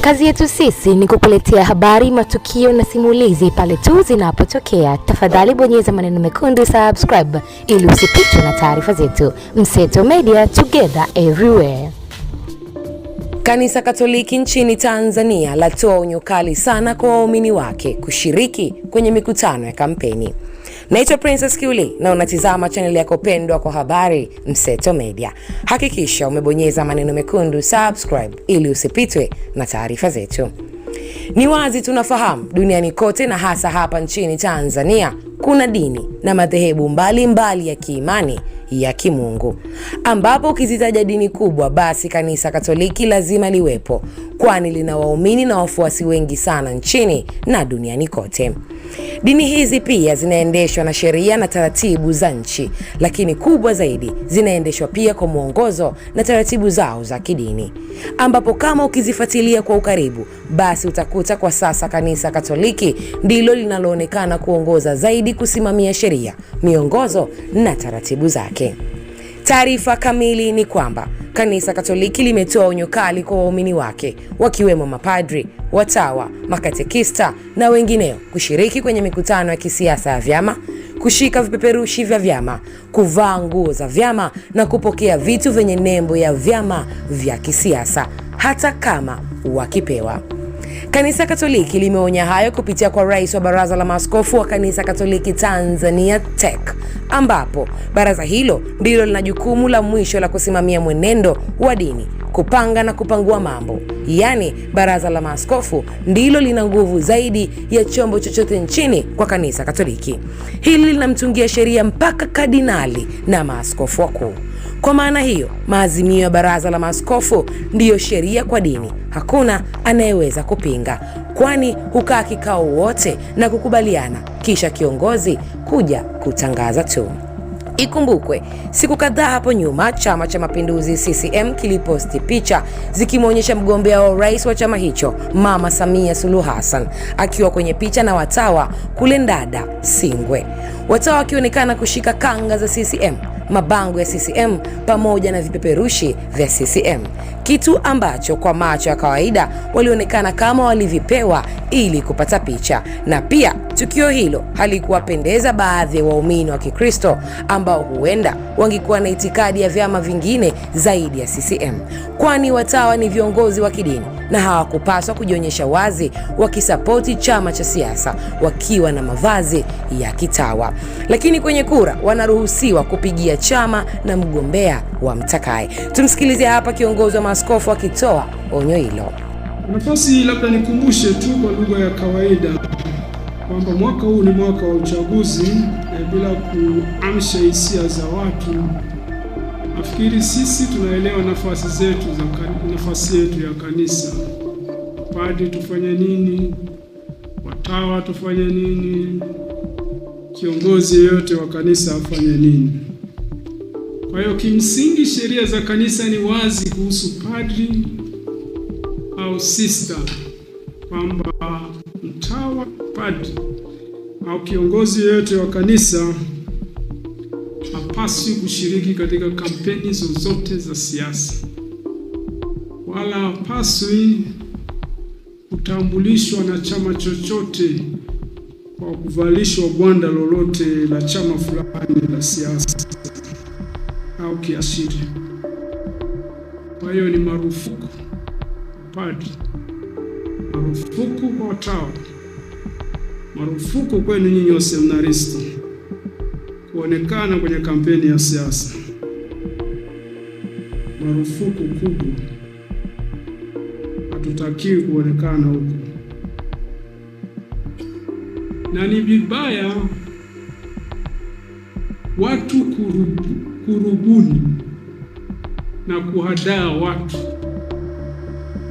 Kazi yetu sisi ni kukuletea habari, matukio na simulizi pale tu zinapotokea. Tafadhali bonyeza maneno mekundu subscribe ili usipitwe na taarifa zetu. Mseto Media, together everywhere. Kanisa Katoliki nchini Tanzania latoa onyo kali sana kwa waumini wake kushiriki kwenye mikutano ya kampeni. Naitwa Princess Kiuli na unatizama channel yako pendwa kwa habari Mseto Media. Hakikisha umebonyeza maneno mekundu subscribe ili usipitwe na taarifa zetu. Ni wazi tunafahamu duniani kote na hasa hapa nchini Tanzania kuna dini na madhehebu mbalimbali ya kiimani ya kimungu, ambapo ukizitaja dini kubwa, basi kanisa Katoliki lazima liwepo, kwani lina waumini na wafuasi wengi sana nchini na duniani kote. Dini hizi pia zinaendeshwa na sheria na taratibu za nchi, lakini kubwa zaidi zinaendeshwa pia kwa mwongozo na taratibu zao za kidini, ambapo kama ukizifuatilia kwa ukaribu, basi utakuta kwa sasa kanisa Katoliki ndilo linaloonekana kuongoza zaidi kusimamia sheria, miongozo na taratibu zake yake. Taarifa kamili ni kwamba Kanisa Katoliki limetoa onyo kali kwa waumini wake wakiwemo mapadri, watawa, makatekista na wengineo kushiriki kwenye mikutano ya kisiasa ya vyama, kushika vipeperushi vya vyama, kuvaa nguo za vyama na kupokea vitu vyenye nembo ya vyama vya kisiasa hata kama wakipewa. Kanisa Katoliki limeonya hayo kupitia kwa rais wa Baraza la Maaskofu wa Kanisa Katoliki Tanzania TEC, ambapo baraza hilo ndilo lina jukumu la mwisho la kusimamia mwenendo wa dini, kupanga na kupangua mambo. Yaani, Baraza la Maaskofu ndilo lina nguvu zaidi ya chombo chochote nchini kwa Kanisa Katoliki. Hili linamtungia sheria mpaka kardinali na maaskofu wakuu. Kwa maana hiyo, maazimio ya Baraza la Maaskofu ndiyo sheria kwa dini. Hakuna anayeweza kupinga, kwani hukaa kikao wote na kukubaliana, kisha kiongozi kuja kutangaza tu. Ikumbukwe siku kadhaa hapo nyuma, Chama cha Mapinduzi CCM kiliposti picha zikimwonyesha mgombea wa urais wa chama hicho Mama Samia Suluhu Hassan akiwa kwenye picha na watawa kule Ndada, Singwe, watawa wakionekana kushika kanga za CCM, mabango ya CCM pamoja na vipeperushi vya CCM, kitu ambacho kwa macho ya kawaida walionekana kama walivipewa ili kupata picha. Na pia tukio hilo halikuwapendeza baadhi ya waumini wa Kikristo ambao huenda wangekuwa na itikadi ya vyama vingine zaidi ya CCM, kwani watawa ni viongozi wa kidini na hawakupaswa kujionyesha wazi wakisapoti chama cha siasa wakiwa na mavazi ya kitawa. Lakini kwenye kura wanaruhusiwa kupigia chama na mgombea wa mtakaye. Tumsikilize hapa kiongozi wa maaskofu akitoa onyo hilo. Nafasi labda nikumbushe tu kwa lugha ya kawaida kwamba mwaka huu ni mwaka wa uchaguzi bila kuamsha hisia za watu. Nafikiri sisi tunaelewa nafasi zetu za nafasi yetu ya kanisa. Padri tufanye nini? Watawa tufanye nini? Kiongozi yeyote wa kanisa afanye nini? Kwa hiyo kimsingi, sheria za kanisa ni wazi kuhusu padri au sista kwamba mtawa padri au kiongozi yoyote wa kanisa hapaswi kushiriki katika kampeni zozote za siasa, wala hapaswi kutambulishwa na chama chochote kwa kuvalishwa gwanda lolote la chama fulani la siasa au kiashiria. Kwa hiyo ni marufuku padri, marufuku kwa watawa Marufuku kwenu nyinyi waseminaristi kuonekana kwenye kampeni ya siasa, marufuku kubwa. Hatutakiwi kuonekana huko, na ni vibaya watu kurubu, kurubuni na kuhadaa watu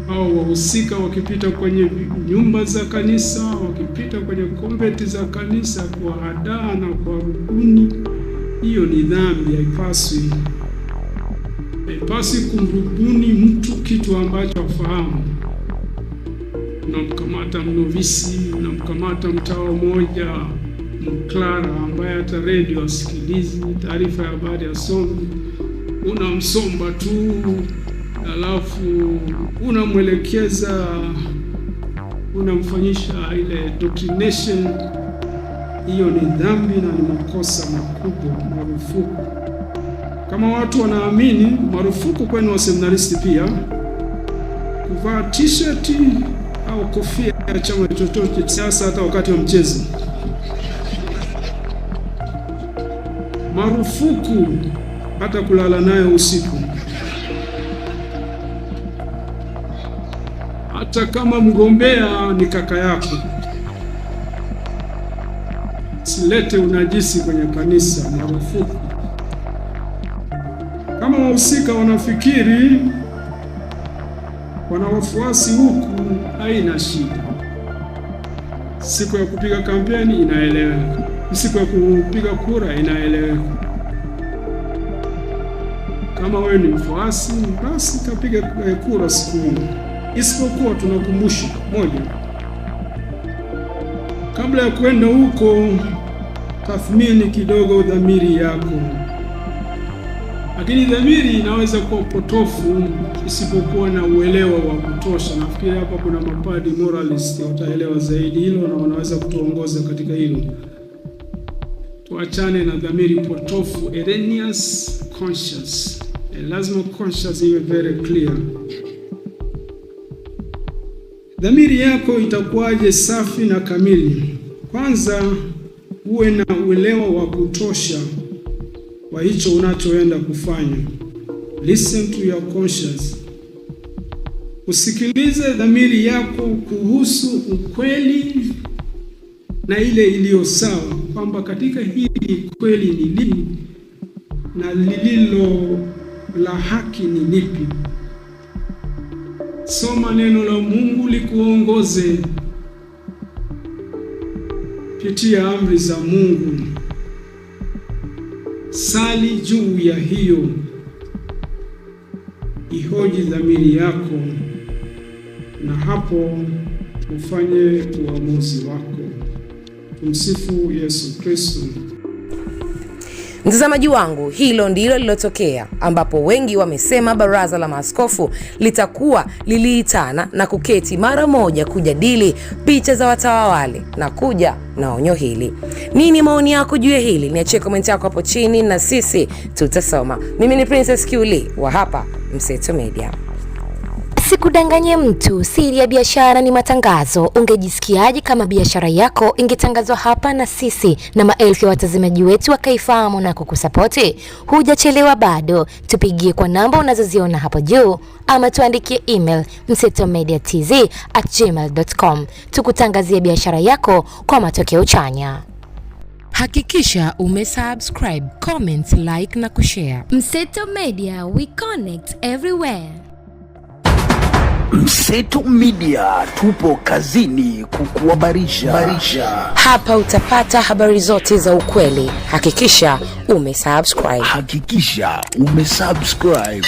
au wahusika wakipita kwenye nyumba za kanisa, wakipita kwenye konventi za kanisa kwa hadaa na kwa rubuni, hiyo ni dhambi, haipaswi haipaswi kumrubuni mtu kitu ambacho afahamu. Unamkamata mnovisi, unamkamata mtawa mmoja mklara ambaye hata redio asikilizi, taarifa ya habari asomi, unamsomba tu alafu unamwelekeza, unamfanyisha ile doctrination. Hiyo ni dhambi na ni makosa makubwa, marufuku. Kama watu wanaamini, marufuku kwenu waseminaristi pia kuvaa t-shirt au kofia ya chama chochote siasa, hata wakati wa mchezo marufuku, hata kulala nayo usiku. hata kama mgombea ni kaka yako, silete unajisi kwenye kanisa, marufuku. Kama wahusika wanafikiri wana wafuasi huku, haina shida. Siku ya kupiga kampeni inaeleweka, siku ya kupiga kura inaeleweka. Kama wewe ni mfuasi, basi kapiga eh, kura siku hiyo isipokuwa tunakumbusha moja, kabla ya kwenda huko, tathmini kidogo dhamiri yako, lakini dhamiri inaweza kuwa potofu isipokuwa na uelewa wa kutosha. Nafikiri hapa kuna mapadi moralist wataelewa zaidi hilo na wanaweza kutuongoza katika hilo. Tuachane na dhamiri potofu, erroneous conscience. Eh, lazima conscience iwe very clear. Dhamiri yako itakuwaje safi na kamili? Kwanza uwe na uelewa wa kutosha wa hicho unachoenda kufanya. Listen to your conscience. Usikilize dhamiri yako kuhusu ukweli na ile iliyo sawa, kwamba katika hili kweli ni lipi na lililo la haki ni lipi. Soma neno la Mungu likuongoze, pitia amri za Mungu, sali juu ya hiyo, ihoji dhamiri yako, na hapo ufanye uamuzi wako. Tumsifu Yesu Kristo. Mtazamaji wangu, hilo ndilo lilotokea, ambapo wengi wamesema baraza la maaskofu litakuwa liliitana na kuketi mara moja kujadili picha za watawa wale na kuja na onyo hili. Nini maoni yako juu ya hili? Niachie komenti yako hapo chini na sisi tutasoma. Mimi ni Princess Kiuli wa hapa Mseto Media. Usikudanganye mtu, siri ya biashara ni matangazo. Ungejisikiaje kama biashara yako ingetangazwa hapa na sisi na maelfu ya watazamaji wetu wakaifahamu na kukusapoti? Hujachelewa bado, tupigie kwa namba unazoziona hapo juu ama tuandikie email msetomediatz@gmail.com tukutangazie biashara yako kwa matokeo chanya. Hakikisha umesubscribe, comment, like na kushare. Mseto Media, we connect everywhere. Mseto Media tupo kazini kukuhabarisha. Hapa utapata habari zote za ukweli. Hakikisha umesubscribe. Hakikisha umesubscribe.